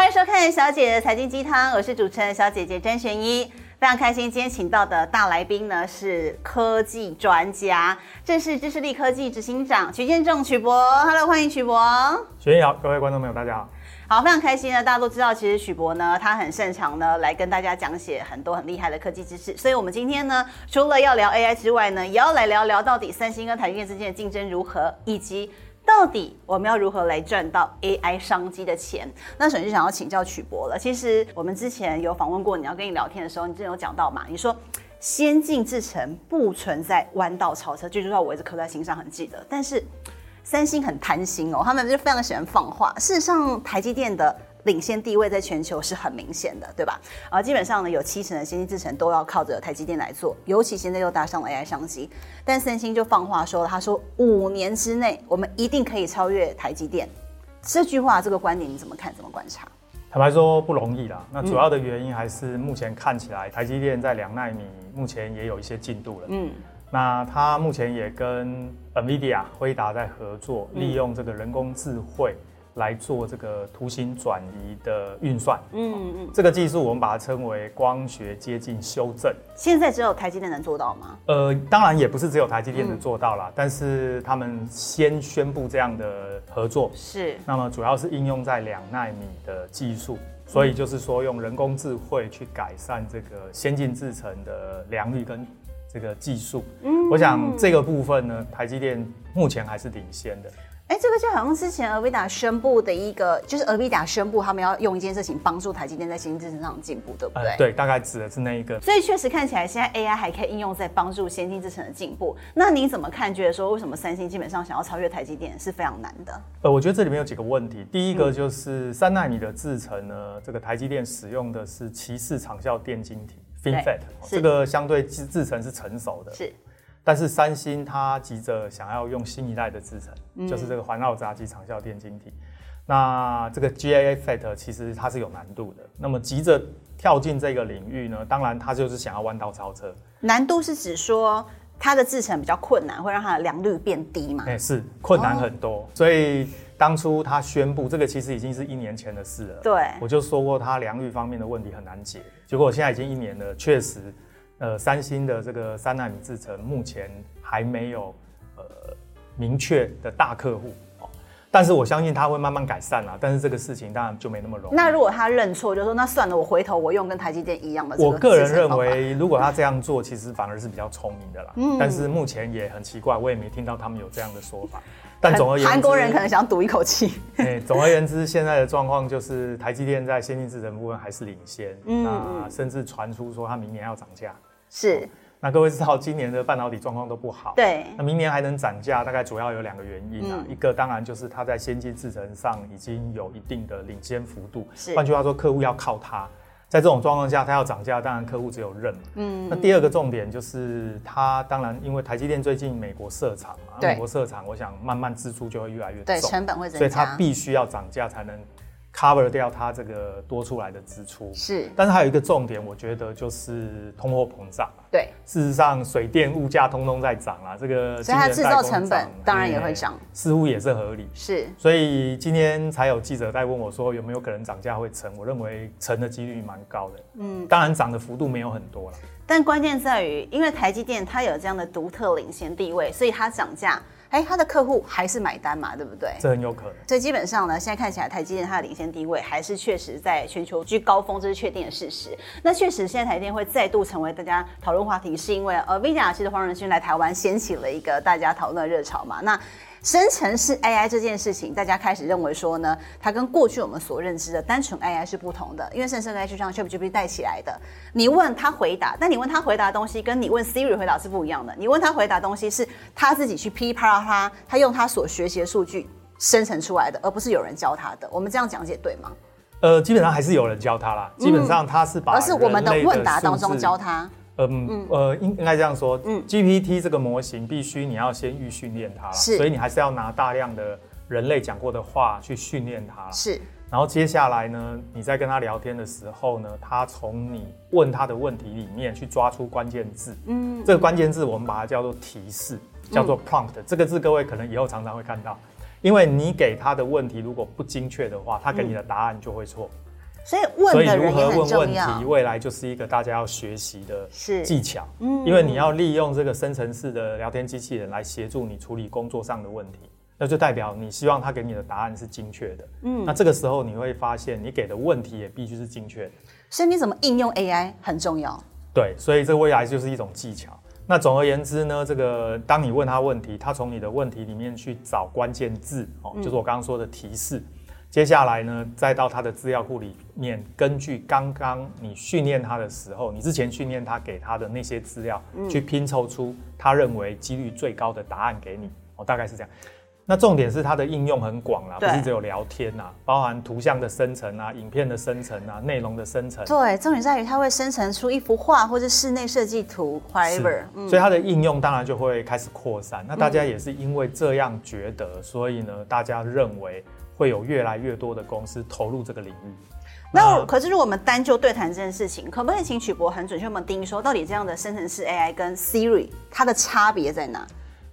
歡迎收看《小姐的財經雞湯》，我是主持人小姐姐詹璇依，非常開心今天請到的大來賓呢是科技專家，正是知識力科技執行長曲建仲曲博。Hello，歡迎曲博。璇依好，各位觀眾朋友大家好。好，非常開心呢。大家都知道，其實曲博呢，他很擅長呢來跟大家講解很多很厲害的科技知識，所以我們今天呢，除了要聊 AI 之外呢，也要來聊聊到底三星跟台積電之間的競爭如何，以及。到底我們要如何來賺到 AI 商機的錢？那首先就想要請教曲博了。其實我們之前有訪問過你，要跟你聊天的時候，你之前有講到嘛，你說先進製程不存在彎道超車，這句話我一直刻在心上，很記得。但是三星很貪心哦，他們就非常的喜歡放話。事實上，台積電的。領先地位在全球是很明顯的，對吧？啊，基本上呢，有七成的先進製程都要靠着台積電來做，尤其現在又搭上了 AI 商機。但三星就放話說了，他說五年之內我們一定可以超越台積電。這句話，這個觀點你怎麼看？怎麼觀察？坦白說不容易啦。那主要的原因還是目前看起來台積電在兩納米目前也有一些進度了。嗯，那他目前也跟 NVIDIA、輝達在合作，利用這個人工智慧，嗯。來做這個圖形轉移的運算，嗯嗯，這個技術我們把它稱為光學接近修正。現在只有台積電能做到嗎？呃，當然也不是只有台積電能做到啦。但是他們先宣布這樣的合作是。那麼主要是應用在兩納米的技術，所以就是說用人工智慧去改善這個先進製程的良率跟這個技術。嗯，我想這個部分呢，台積電目前還是領先的。哎、欸，這個就好像之前輝達宣布的一個，就是輝達宣布他們要用一件事情幫助台積電在先進製程上的進步，對不對、呃？對，大概指的是那一個。所以確實看起來，現在 AI 還可以應用在幫助先進製程的進步。那你怎麼看？覺得說為什麼三星基本上想要超越台積電是非常難的？呃，我覺得這裡面有幾個問題。第一個就是三納米的製程呢，嗯、這個台積電使用的是鰭式場效電晶體 FinFET，這個相對製製程是成熟的。是。但是三星它急着想要用新一代的製程，嗯、就是這個環繞閘極場效電晶體。那這個 GAAFET 其實它是有難度的。那麼急着跳進這個領域呢？當然它就是想要彎道超車。難度是指說它的製程比較困難，會讓它的良率變低嘛、欸？是困難很多。哦、所以當初它宣布這個其實已經是一年前的事了。對，我就說過它良率方面的問題很難解，結果我現在已經一年了，確實。呃，三星的這個三納米制程目前還沒有呃明確的大客戶，哦、但是我相信他會慢慢改善啦。但是這個事情當然就沒那麼容易。那如果他認錯就是、說那算了，我回頭我用跟台積電一樣的這個、製程，我個人認為如果他這樣做，其實反而是比較聰明的啦。嗯，但是目前也很奇怪，我也沒聽到他們有這樣的說法。但總而言之，韓國人可能想賭一口氣。哎、欸，總而言之，現在的狀況就是台積電在先進製程部分還是領先。嗯，那甚至傳出說他明年要漲價。是，那各位知道今年的半導體狀況都不好，對。那明年還能漲價，大概主要有兩個原因啊，嗯、一個當然就是它在先進製程上已經有一定的領先幅度，是換句話說，客戶要靠它，在這種狀況下，它要漲價，當然客戶只有認。嗯。那第二個重點就是，它當然因為台積電最近美國設廠嘛，對美國設廠，我想慢慢支出就會越來越重，對，成本會增加。所以它必須要漲價才能。cover 掉它這個多出來的支出是，但是還有一個重點，我覺得就是通貨膨脹。對，事實上水電物價通通在漲啦。這個、嗯、所以它製造成本當然也會漲，似乎也是合理。是，所以今天才有記者在問我，說有沒有可能漲價會成？我認為成的幾率蠻高的。嗯，當然漲的幅度沒有很多了，但關鍵在於，因為台積電它有這樣的獨特領先地位，所以它漲價。哎，他的客戶還是買單嘛，對不對？這很有可能。所以基本上呢，現在看起來台積電它的領先地位還是確實在全球居高峰，這是確定的事實。那確實，現在台積電會再度成為大家討論話題，是因為呃，NVIDIA 其實黃仁勳來台灣掀起了一個大家討論的熱潮嘛。那生成式 AI 這件事情，大家開始認為說呢，它跟過去我們所認知的單純 AI 是不同的，因為生成的 AI s h o p t 帶起來的。你問他回答，但你問他回答的東西，跟你問 Siri 回答是不一樣的。你問他回答東西，是他自己去批爬它，他用他所學習的數據生成出來的，而不是有人教他的。我們這樣講解對嗎？呃，基本上還是有人教他啦，基本上他是把而是我們的問答當中教他。嗯，嗯、呃，應應該這樣說，嗯，GPT 這個模型必須你要先預訓練它了，是所以你還是要拿大量的人類講過的話去訓練它了，是。然後接下來呢，你在跟他聊天的時候呢，他從你問他的問題裡面去抓出關鍵字，嗯，這個關鍵字我們把它叫做提示，嗯、叫做 prompt，這個字各位可能以後常常會看到，因為你給他的問題如果不精確的話，他給你的答案就會錯。嗯所以問，所以如何問問題，未來就是一個大家要學習的技巧。嗯是，因為你要利用這個生成式的聊天機器人來協助你處理工作上的問題，那就代表你希望他給你的答案是精確的。嗯，那這個時候你會發現，你給的問題也必須是精確的。所以你怎麼應用 AI 很重要。對，所以這未來就是一種技巧。那總而言之呢，這個當你問他問題，他從你的問題裡面去找關鍵字，哦、喔，就是我剛剛說的提示。嗯接下來呢，再到他的資料庫裡面，根據剛剛你訓練他的時候，你之前訓練他給他的那些資料，去拼湊出他認為幾率最高的答案給你。嗯、哦，大概是這樣。那重點是它的應用很廣啦，對不是只有聊天啊，包含圖像的生成啊、影片的生成啊、內容的生成。對，重點在於它會生成出一幅畫或者室內設計圖 whatever, 是、嗯、所以它的應用當然就會開始擴散。那大家也是因為這樣覺得，嗯、所以呢，大家認為。會有越來越多的公司投入這個領域。那，那可是，如果我們單就對談這件事情，可不可以請曲博很準確我們定義說，到底這樣的生成式 AI 跟 Siri 它的差別在哪？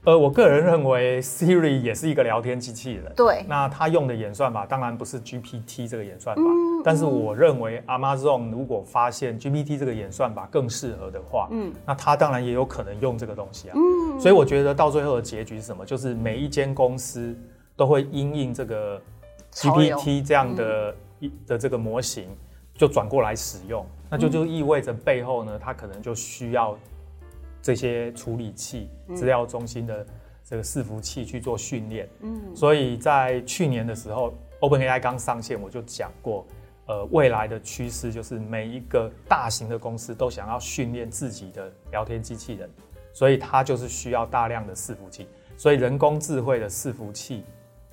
呃，我個人認為 Siri 也是一個聊天機器人。對。那它用的演算法當然不是 GPT 這個演算法，嗯嗯、但是我認為 Amazon 如果發現 GPT 這個演算法更適合的話，嗯，那它當然也有可能用這個東西啊。嗯，嗯。所以我覺得到最後的結局是什麼？就是每一間公司都會因應這個。超 GPT 這樣的一的這個模型、嗯、就轉過來使用，那就就意味着背後呢，它可能就需要這些處理器、資料中心的這個伺服器去做訓練。嗯，所以在去年的時候、嗯、，OpenAI 剛上線，我就講過，呃，未來的趨勢就是每一個大型的公司都想要訓練自己的聊天機器人，所以它就是需要大量的伺服器，所以人工智慧的伺服器。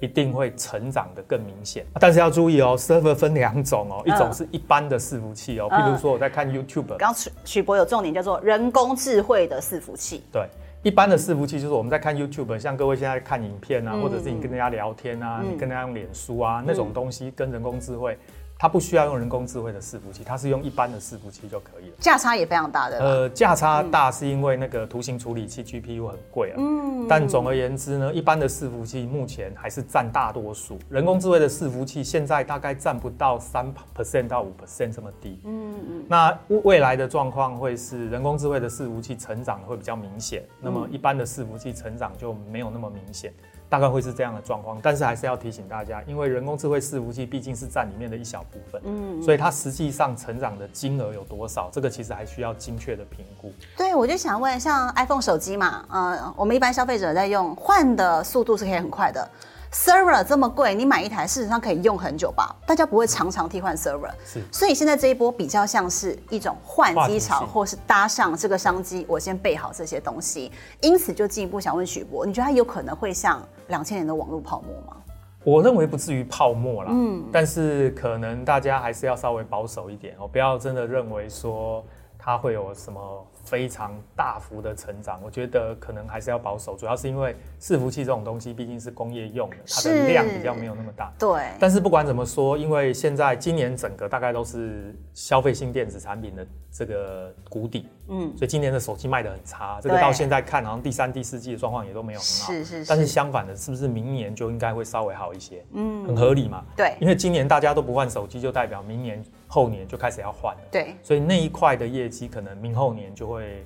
一定會成長得更明顯、啊，但是要注意哦。Server 分兩種哦，嗯、一種是一般的伺服器哦，嗯、譬如說我在看 YouTube、嗯。剛剛曲博有重點叫做人工智慧的伺服器。對，一般的伺服器就是我們在看 YouTube、嗯、像各位現在看影片啊，嗯、或者是你跟人家聊天啊，嗯、你跟人家用臉書啊、嗯、那種東西，跟人工智慧。它不需要用人工智慧的伺服器，它是用一般的伺服器就可以了，價差也非常大的。呃，價差大是因為那個圖形處理器 GPU 很貴啊。嗯，嗯。但總而言之呢，一般的伺服器目前還是佔大多數，嗯，人工智慧的伺服器現在大概佔不到三 percent 到五 percent 這麼低。嗯嗯、嗯，那未來的狀況會是人工智慧的伺服器成長會比較明顯，嗯，那麼一般的伺服器成長就沒有那麼明顯。大概會是這樣的狀況，但是還是要提醒大家，因為人工智慧伺服器畢竟是占裡面的一小部分，嗯，嗯，所以它實際上成長的金額有多少，這個其實還需要精確的評估。對，我就想問，像 iPhone 手機嘛，呃，我們一般消費者在用，換的速度是可以很快的。Server 這麼貴，你買一台事實上可以用很久吧？大家不會常常替換 Server，是。所以現在這一波比較像是一種換機潮，或是搭上這個商機，我先備好這些東西。因此，就進一步想問曲博，你覺得它有可能會像兩千年的網絡泡沫嗎？我認為不至於泡沫啦，嗯，但是可能大家還是要稍微保守一點，哦，不要真的認為說它會有什麼。非常大幅的成長，我覺得可能還是要保守，主要是因為伺服器這種東西畢竟是工業用的，它的量比較沒有那麼大。對。但是不管怎麼說，因為現在今年整個大概都是消費性電子產品的。這個谷底，嗯，所以今年的手機賣得很差，這個到現在看對好像第三、第四季的狀況也都沒有很好，是是是，但是相反的，是不是明年就應該會稍微好一些？嗯，很合理嘛。對，因為今年大家都不換手機，就代表明年後年就開始要換了。對，所以那一塊的業績可能明後年就會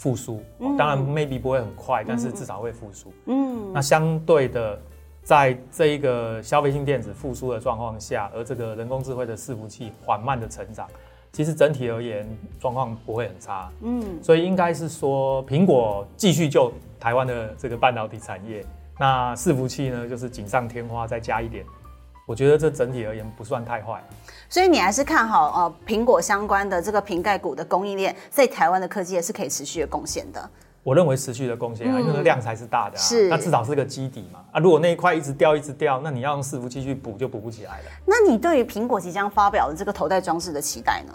復甦，嗯哦，當然 maybe 不會很快，但是至少會復甦。嗯，嗯，那相對的，在這一個消費性電子復甦的狀況下，而這個人工智慧的伺服器緩慢的成長。其實整體而言，狀況不會很差，嗯，所以應該是說，蘋果繼續救台灣的這個半導體產業。那伺服器呢，就是錦上添花，再加一點，我覺得這整體而言不算太壞，所以你還是看好呃蘋果相關的這個蘋概股的供應鏈，在台灣的科技也是可以持續有貢獻的。我認為持續的貢獻啊，因為那個量才是大的。啊，嗯，是。那至少是一個基底嘛。啊，如果那一塊一直掉，一直掉，那你要用伺服器去補，就補不起來了。那你對於蘋果即將發表的這個頭戴裝置的期待呢？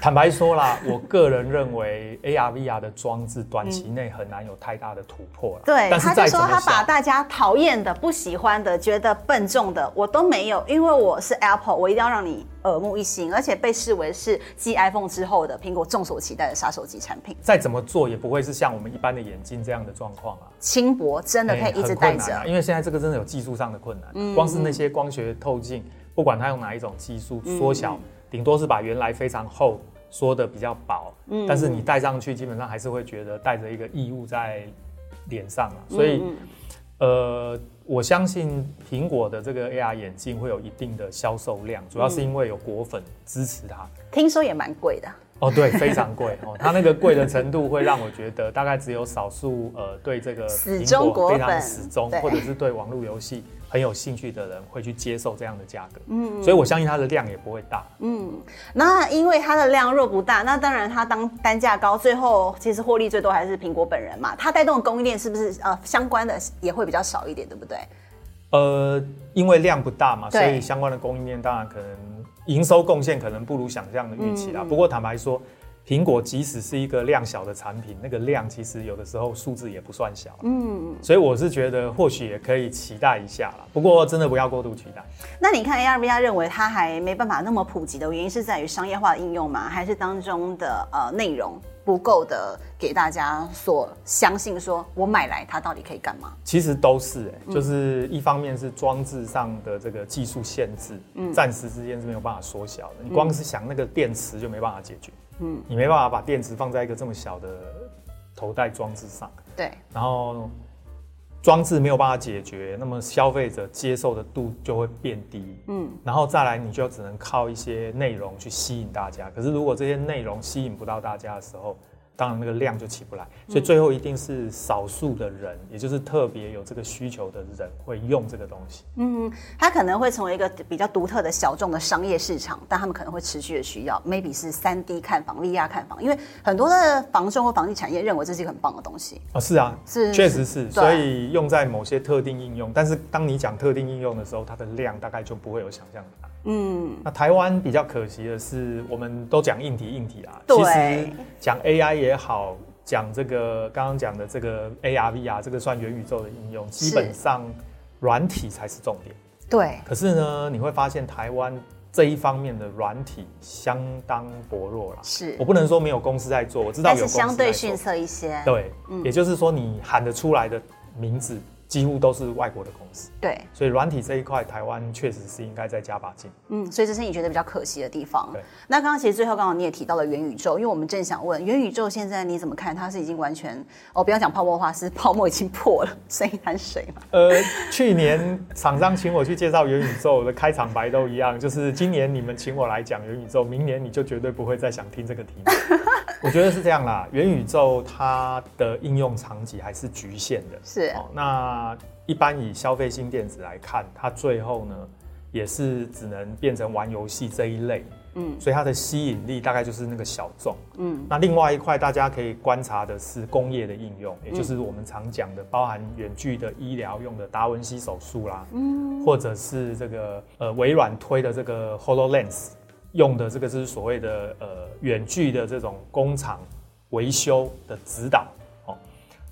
坦白說啦， 我個人認為 AR VR 的裝置短期內很難有太大的突破了。嗯、對，但是說他把大家討厭的、不喜歡的、覺得笨重的，我都沒有，因為我是 Apple，我一定要讓你耳目一新，而且被視為是繼 iPhone 之後的蘋果眾所期待的殺手級產品。再怎麼做也不會是像我們一般的眼鏡這樣的狀況啊。輕薄真的可以一直戴着、欸啊？因為現在這個真的有技術上的困難、啊，嗯、光是那些光學透鏡，不管它用哪一種技術縮小。嗯嗯頂多是把原來非常厚說的比較薄。嗯、但是你戴上去基本上還是會覺得戴着一個異物在臉上、嗯、所以，嗯、呃，我相信蘋果的這個 AR 眼鏡會有一定的銷售量，嗯、主要是因為有果粉支持它。聽說也蠻貴的。哦，對，非常貴 哦。它那個貴的程度會讓我覺得，大概只有少數呃對這個蘋果非常死忠，始終果粉，對，或者是對網絡遊戲。很有興趣的人會去接受這樣的價格，嗯，所以我相信它的量也不會大，嗯，那因為它的量若不大，那當然它當單價高，最後其實獲利最多還是蘋果本人嘛，它帶動的供應鏈是不是呃相關的也會比較少一點，對不對？呃，因為量不大嘛，對所以相關的供應鏈當然可能營收貢獻可能不如想象的預期啦。嗯。不過坦白說。蘋果即使是一個量小的產品，那個量其實有的時候數字也不算小。嗯，所以我是覺得或許也可以期待一下啦。不過真的不要過度期待。那你看，AR VR 認為它還沒辦法那麼普及的原因是在於商業化的應用嗎？還是當中的呃內容？不夠的，給大家所相信，說我買來它到底可以幹嘛？其實都是哎、欸，嗯、就是一方面是裝置上的這個技術限制，嗯，暫時之間是沒有辦法縮小的。你光是想那個電池就沒辦法解決，嗯，你沒辦法把電池放在一個這麼小的頭戴裝置上，對、嗯，然後。裝置沒有辦法解決，那麼消費者接受的度就會變低。嗯，然後再來你就只能靠一些內容去吸引大家。可是如果這些內容吸引不到大家的時候，當然，那個量就起不來，所以最後一定是少數的人，嗯、也就是特別有這個需求的人會用這個東西。嗯，它可能會成為一個比較獨特的小眾的商業市場，但他們可能會持續的需要。Maybe 是三 D 看房利、啊、VR 看房，因為很多的房仲或房地產業認為這是一個很棒的東西啊。哦、是啊，是，是，確實是。對所以用在某些特定應用，但是當你講特定應用的時候，它的量大概就不會有想象的。嗯，那台灣比較可惜的是，我們都講硬體硬體啊，對其實講 AI 也好，講這個剛剛講的這個 AR VR、啊、這個算元宇宙的應用，是基本上軟體才是重點。對。可是呢，你會發現台灣這一方面的軟體相當薄弱了。是我不能說沒有公司在做，我知道有公司在做。但是相對遜色一些。對，嗯、也就是說你喊得出來的名字。幾乎都是外國的公司，對，所以軟體這一塊，台灣確實是應該再加把勁。嗯，所以這是你覺得比較可惜的地方。對，那剛剛其實最後剛好你也提到了元宇宙，因為我們正想問元宇宙現在你怎麼看，它是已經完全哦，不要講泡沫化，是泡沫已經破了，剩一灘水嘛？呃，去年廠 商請我去介紹元宇宙的開場白都一樣，就是今年你們請我來講元宇宙，明年你就絕對不會再想聽這個題目。 我覺得是這樣啦，元宇宙它的應用場景還是局限的。是。哦，那一般以消費性電子來看，它最後呢，也是只能變成玩遊戲這一類。嗯。所以它的吸引力大概就是那個小眾。嗯。那另外一塊大家可以觀察的是工業的應用，也就是我們常講的，嗯。包含遠距的醫療用的達文西手術啦，嗯，或者是這個呃微軟推的這個 HoloLens。用的這個是所謂的呃遠距的這種工廠維修的指導，哦，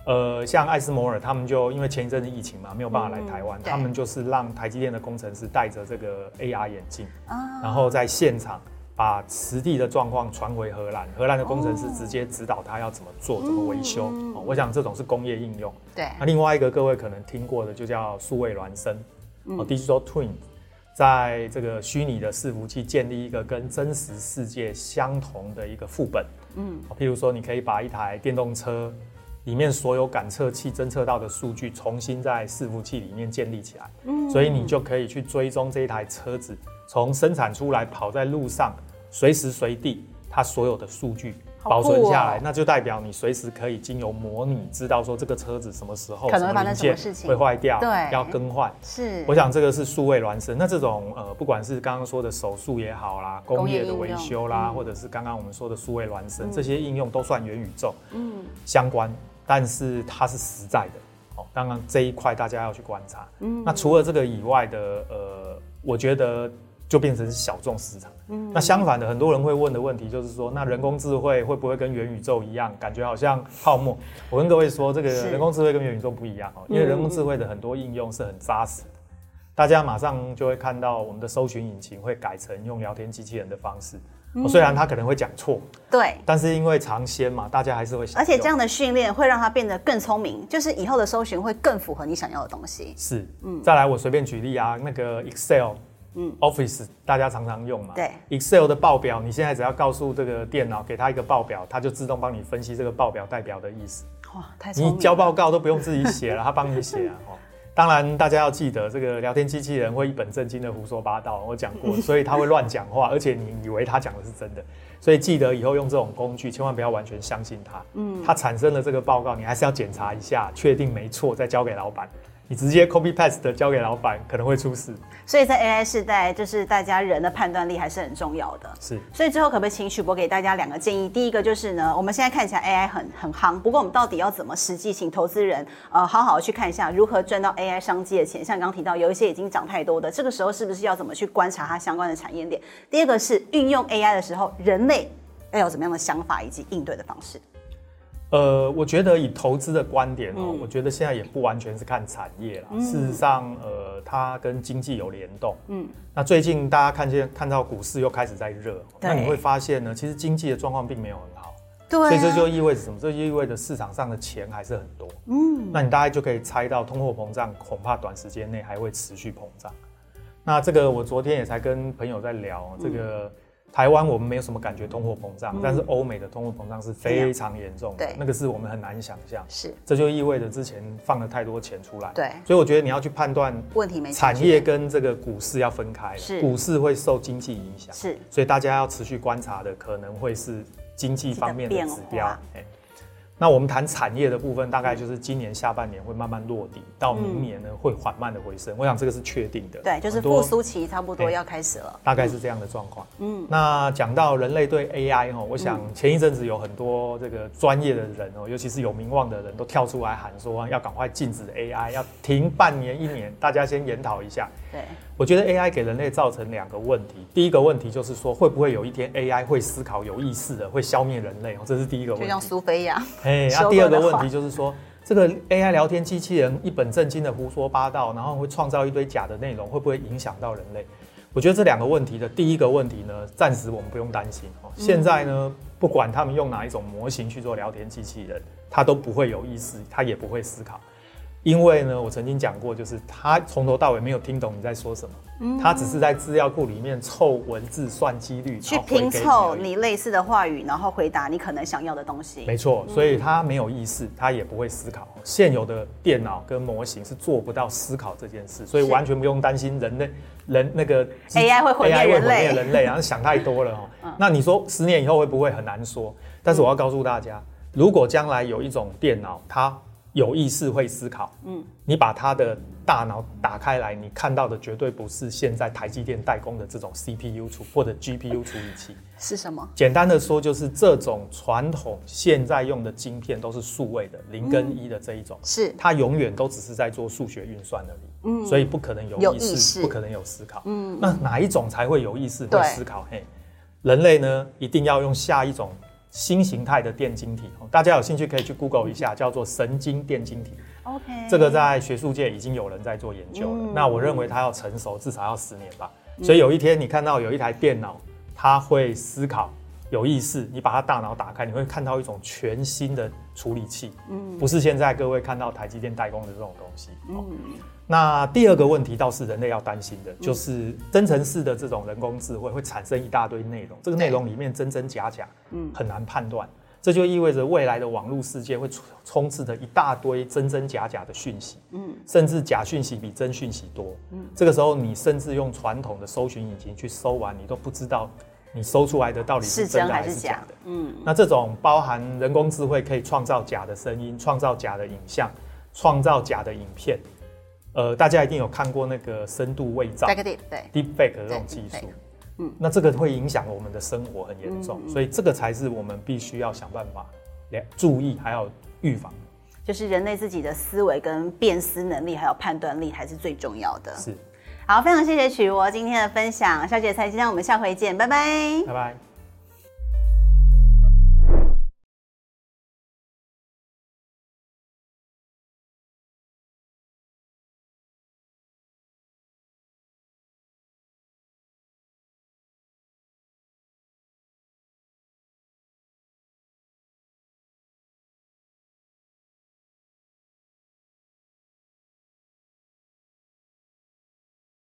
呃像艾斯摩爾他們就因為前一陣子疫情嘛，沒有辦法來台灣，嗯、他們就是讓台積電的工程師戴着這個 AR 眼鏡，啊、然後在現場把實地的狀況傳回荷蘭，荷蘭的工程師直接指導他要怎麼做，嗯、怎麼維修、嗯嗯哦。我想這種是工業應用。對，那另外一個各位可能聽過的就叫數位孿生，嗯、哦，Digital Twin。在這個虛擬的伺服器建立一個跟真實世界相同的一個副本，嗯，譬如說，你可以把一台電動車裡面所有感測器偵測到的數據重新在伺服器裡面建立起來，嗯，所以你就可以去追蹤這一台車子從生產出來，跑在路上，隨時隨地它所有的數據。喔、保存下來，那就代表你隨時可以經由模擬知道說這個車子什麼時候可能把那什麼事情什麼零件會壞掉，對要更換。是，我想這個是數位孿生。那這種呃，不管是剛剛說的手術也好啦，工業的維修啦，嗯、或者是剛剛我們說的數位孿生，嗯、這些應用都算元宇宙嗯相關，但是它是實在的。哦、剛剛這一塊大家要去觀察。嗯，那除了這個以外的呃，我覺得。就變成是小眾市場。嗯，那相反的，很多人會問的問題就是說，那人工智慧會不會跟元宇宙一樣，感覺好像泡沫？我跟各位說，這個人工智慧跟元宇宙不一樣哦，是因為人工智慧的很多應用是很扎實的。嗯，大家馬上就會看到，我們的搜尋引擎會改成用聊天機器人的方式。嗯，雖然它可能會講錯。對。但是因為嘗鮮嘛，大家還是會想。而且這樣的訓練會讓它變得更聰明，就是以後的搜尋會更符合你想要的東西。是，嗯。再來，我隨便舉例啊，那個 Excel。嗯，Office 大家常常用嘛。對，Excel 的報表，你現在只要告訴這個電腦，給他一個報表，他就自動幫你分析這個報表代表的意思。哇，太了，你交報告都不用自己寫了， 他幫你寫啊、喔。當然，大家要記得，這個聊天機器人會一本正經的胡說八道，我講過，所以他會亂講話，嗯、而且你以為他講的是真的，所以記得以後用這種工具，千萬不要完全相信他。嗯，他產生的這個報告，你還是要檢查一下，確定沒錯，再交給老板。你直接 copy paste 的交給老闆，可能會出事。所以，在 AI 時代，就是大家人的判斷力還是很重要的。是，所以之後可不可以請曲博給大家兩個建議？第一個就是呢，我們現在看起來 AI 很很夯，不過我們到底要怎麼實際？請投資人呃，好好的去看一下如何賺到 AI 商機的錢。像剛剛提到，有一些已經漲太多的，這個時候是不是要怎麼去觀察它相關的產業鏈？第二個是運用 AI 的時候，人類要有怎麼樣的想法以及應對的方式？呃，我覺得以投資的觀點哦，嗯、我覺得現在也不完全是看產業啦。嗯、事實上，呃，它跟經濟有聯動。嗯，那最近大家看見看到股市又開始在熱，對那你會發現呢，其實經濟的狀況並沒有很好。對、啊，所以這就意味着什麼？這就意味着市場上的錢還是很多。嗯，那你大概就可以猜到，通貨膨脹恐怕短時間內還會持續膨脹。那這個我昨天也才跟朋友在聊、嗯、這個。台灣我們沒有什麼感覺通貨膨脹，嗯、但是歐美的通貨膨脹是非常嚴重的。對那個是我們很難想象。是，這就意味着之前放了太多錢出來。對，所以我覺得你要去判斷問題沒錯，產業跟這個股市要分開了，是，股市會受經濟影響，是，所以大家要持續觀察的可能會是經濟方面的指標。那我們談產業的部分，大概就是今年下半年會慢慢落地，到明年呢會緩慢的回升。我想這個是確定的。對，就是復甦期差不多要開始了。大概是這樣的狀況。嗯。那講到人類對 AI 哦，我想前一陣子有很多這個專業的人哦，尤其是有名望的人都跳出來喊說要趕快禁止 AI，要停半年一年，大家先研討一下。對。我覺得 AI 給人類造成兩個問題。第一個問題就是說，會不會有一天 AI 會思考有意識的，會消滅人類？哦，這是第一個問題。就像蘇菲亞。哎，那、啊、第二個問題就是說，這個 A I 聊天機器人一本正經的胡說八道，然後會創造一堆假的內容，會不會影響到人類？我覺得這兩個問題的第一個問題呢，暫時我們不用擔心哦。現在呢，不管他們用哪一種模型去做聊天機器人，他都不會有意識，他也不會思考。因為呢，我曾經講過，就是他從頭到尾沒有聽懂你在說什麼，他只是在資料庫裡面湊文字算機率，去拼湊你類似的話語，然後回答你可能想要的東西。沒錯，所以他沒有意識，他也不會思考。現有的電腦跟模型是做不到思考這件事，所以完全不用擔心人類人那個 AI 會會毀滅人類，然後想太多了。那你說十年以後會不會很難說？但是我要告訴大家，如果將來有一種電腦，它有意識會思考，嗯，你把他的大腦打開來，你看到的絕對不是現在台積電代工的這種 CPU 處或者 GPU 處理器是什麼？簡單的說，就是這種傳統現在用的晶片都是數位的零跟一的這一種，嗯、是它永遠都只是在做數學運算而已，嗯、所以不可能有意識，不可能有思考，嗯，那哪一種才會有意識會思考？對嘿，人類呢，一定要用下一種。新型態的電晶體，大家有興趣可以去 Google 一下，叫做神經電晶體。OK，這個在學術界已經有人在做研究了。嗯、那我認為它要成熟，嗯、至少要十年吧。所以有一天你看到有一台電腦，它會思考、有意識，你把它大腦打開，你會看到一種全新的處理器。嗯、不是現在各位看到台積電代工的這種東西。嗯哦那第二個問題倒是人類要擔心的，嗯，就是生成式的這種人工智慧，會產生一大堆內容，嗯，這個內容裡面真真假假，嗯，很難判斷。這就意味着未來的網絡世界會充斥着一大堆真真假假的訊息，嗯，甚至假訊息比真訊息多。嗯，這個時候你甚至用傳統的搜尋引擎去搜完，你都不知道你搜出來的到底是真的還是假的。假，嗯，那這種包含人工智慧可以創造假的聲音、創造假的影像、創造假的影片。呃，大家一定有看過那個深度偽造，fake deep，對 deep fake 這種技術，back, 嗯，那這個會影響我們的生活很嚴重，嗯嗯嗯所以這個才是我們必須要想辦法，注意還有預防。就是人類自己的思維跟辨識能力還有判斷力還是最重要的。是，好，非常謝謝曲博今天的分享，小姐才，今天我們下回見，拜拜，拜拜。